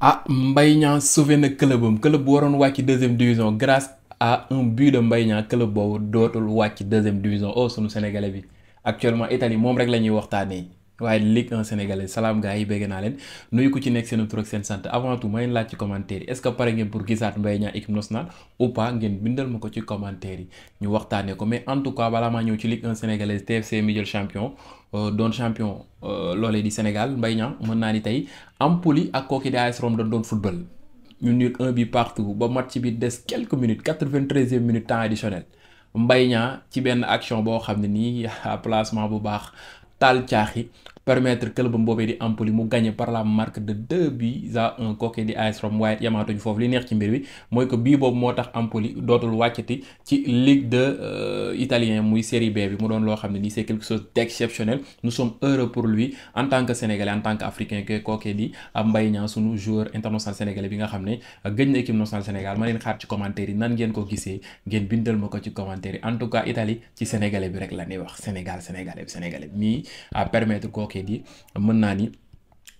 ah mbay Niang sauvé na club am club bu waroon wàcc deuxième division grâce à un but mbay Mbaye Niang club boobu dootul wàcc deuxième division oh sunu sénégalais bi actuellement Italie moom rek la ñuy waxtaanee. waaye Ligue 1 sénégalais salaam gars yi bégg naa leen nuyu ko ci nekk seen tur ak seen sant avant tout may laaj ci commentaire yi est ce que pare ngeen pour gisaat Mbaye Niang équipe nationale ou ngeen bindal ma ko ci commentaire yi ñu waxtaanee ko mais en tout cas balaa maa ñëw ci Ligue 1 sénégalaise TFC mi champion euh, doon champion euh, loolee di Sénégal mbay Niang mën naa ni tey Empoli ak kooki di AS Rome doon doon football ñu nul un bi partout ba des quelques minutes quatre-vingt-treizième minute temps additionnel benn action boo xam ne nii placement bu baax. taal caaxi permettre club am boobee di Empoli mu gagné par la marque de deux un kooku di AS Rome waaye yamaatuñ foofu li neex ci mbir bi mooy que bii boobu moo tax Empoli dootul wàccati ci Ligue de euh, italien muy série B bi mu doon loo xam ne nii c'est quelque chose d'exceptionnel nous sommes heureux tant que sénégalais en tant que africain que kooku di Mbaye Niang sunu joueur international sénégalais bi nga xam ne euh, gëj na équipe nationale Sénégal ma leen xaar ci commentaire yi nan ngeen ko gisee ngeen ma ko ci commentaire yi en tout cas Italie ci sénégalais bi rek la ñuy wax Sénégal sénégalais bi sénégalais bi mii à permettre enquête yi mën naa ni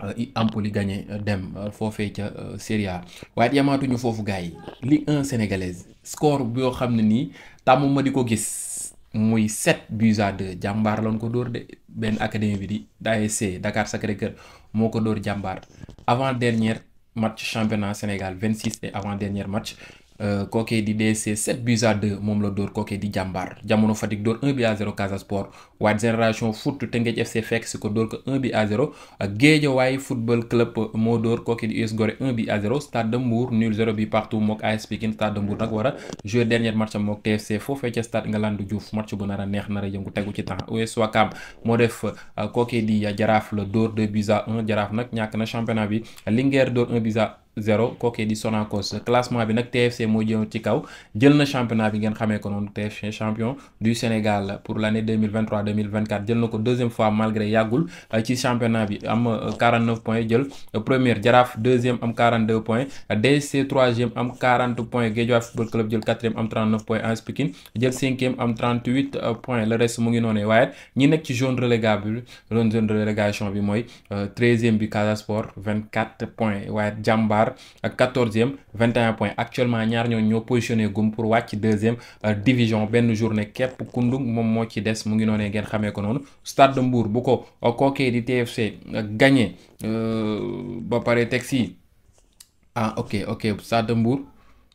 euh, Empoli gagné euh, dem euh, foofee ca Serie A waaye yamaatuñu foofu gars yi Ligue 1 sénégalaise score boo xam ne nii tàmm ma di ko gis muy 7 buts à 2 jàmbaar lañ ko dóor de benn académie bi di ASC Dakar Sacré-Cœur moo ko dóor jàmbaar avant dernier match championnat Sénégal 26 et avant dernier match Euh, kookee di DC 7 buts à 2 moom la dóor kookee di jàmbaar jamono Fatick dóor 1 but à 0 Sport waaye génération foot Teungueth FC fekk si ko dóor ko 1 but à 0 Guédiawaye football club moo dóor kookee di US Gorée 1 but à 0 Stade de Mbour nul 0 bi partout mook AS Pikine Stade de Mbour nag war a jouer dernier match am mook TFC foofee ca Stade Ngalandou Diouf match bu nar a neex nar a yëngu tegu ci temps US Ouakam moo def euh, kookee di Jaraaf la dóor bi 0 kookee di Sonacos classement bi nag TFC moo jëm ci kaw jël na championnat bi ngeen xamee ko noonu TFC champion du Sénégal pour l' année 2023 2024 jël na ko deuxième fois malgré yàggul euh, ci championnat bi am 49 euh, points jël euh, première Jaraaf deuxième am 42 points DSC troisième am 40 points Guédiawaye Football Club jël quatrième am 39 points AS Pikine jël mu ngi noonu waaye ñi nekk ci zone relégable zone relégation bi mooy treizième bi Casa Sport 24 points waaye Dakar ak quatorzième vingt et un point actuellement ñaar ñoo ñoo positionné gum pour wàcc deuxième euh, division benn journée képp kundung moom moo ci des mu ngi noonee ngeen xamee ko noonu Stade mbuur bu ko euh, kookee di TFC euh, gagné ba pare teg si ah ok ok Stade de Mbour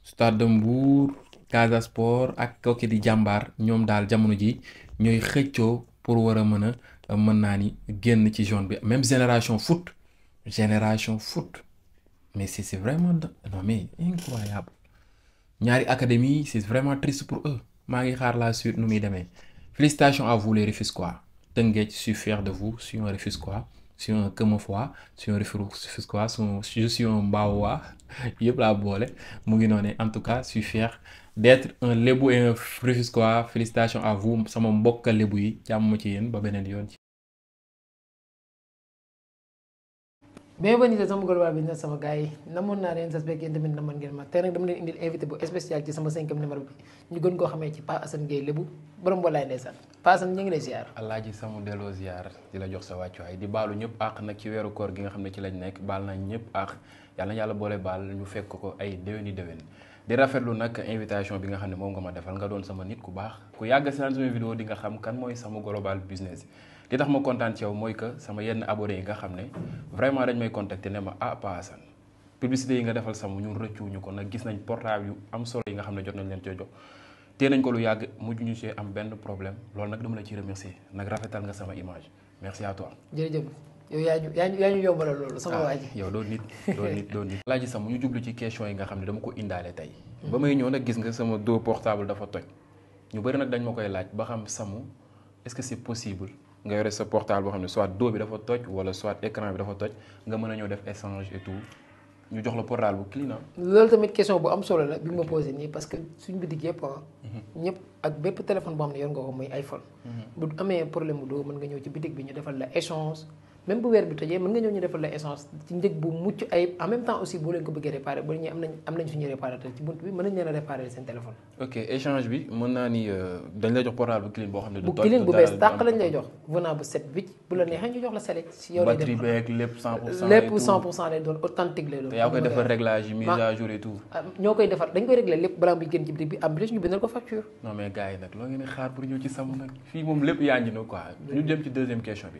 Stade de Mbour Sport ak kookee di jàmbaar ñoom daal jamono ji ñooy xëccoo pour war a mën a mën naa ni génn ci zone bi même génération fut génération foot mais c' est vraiment non ñaari académie yi c' est triste pour eux maa ngi xaar la suite nu muy demee félicitations à vous les Rufisquois Tëngéej je suis de vous je suis un Rufisquois je suis un Kamafois je suis un Rufisquois je suis un Mbawois yëpp laa boole mu ngi noonu en tout cas je suis fier d' être un Lébu et un Rufisquois à vous sama mbokk Lébu yi jàmm ci yéen ba beneen yoon. bienvenue ba sama global business sama gars yi namoon naa leen sas beeg yéen tamit namoon ngeen ma tey nag dama leen indil invité bu spécial sama cinquième numéro bi ñu gën Pa Assane Gueye lébu borom walaay ndeysaan Pa Assane sama delloo ziar di la jox sa wàccuwaay di baalu ñëpp àq nag ci weeru koor gi nga xam ne ci lañ nekk baal nañ ñëpp àq yàlla na boole baal ñu fekk ko ay déwéni déwén di rafetlu nag invitation bi nga xam ne moom nga ma defal nga doon sama nit ku baax ku yàgg si sama vidéo di nga xam kan mooy sama global business li tax ma kontaan ci yow mooy que sama yenn abonnés yi nga xam ne vraiment dañ may contacter ne ma ah Pa Assane publicité yi nga defal sama ñun rëccuwuñu ko nag gis nañ portable yu am solo yi nga xam ne jot nañ leen cee jox te nañ ko lu yàgg mujj ñu see am benn problème loolu nag dama la ciy remercier nag nga sama image merci à toi. jërëjëf yow yaa ñu yaa ñu yaa ñu yombalal ah, yow loolu nit loolu nit loolu nit. laaj sama ñu jublu ci question yi nga xam ne dama ko indaale tey. ba may ñëw nag gis nga sama dos portable dafa toj ñu bëri nag dañ ma koy laaj ba xam samu est-ce que c'est possible nga yore sa portable boo xam ne soit dos bi dafa toj wala soit écran bi dafa toj nga mën a ñëw def échange et ñu jox la portable bu client. Ah. loolu tamit question bu am solo la bi ma posé nii parce que suñ bitig yëpp ah. Mhm. ñëpp ak bépp téléphone boo xam ne yor nga ko muy iPhone. Mhm. bu amee problème bu doo mën nga ñëw ci bitig bi ñu defal la échange. même bu weer bi tojee mën nga ñëw ñu defal la essence ci njëg bu mucc ayib en même temps aussi boo leen ko bëggee réparé ba ñu am nañ suñu réparateur ci bunt bi mën nañ euh, ne. du bu clean bu bees tàq la ko facture. non mais gars nag loo ngeen xaar pour ñëw ci sama nag fii moom lépp yaa ngi no quoi ñu dem ci deuxième question bi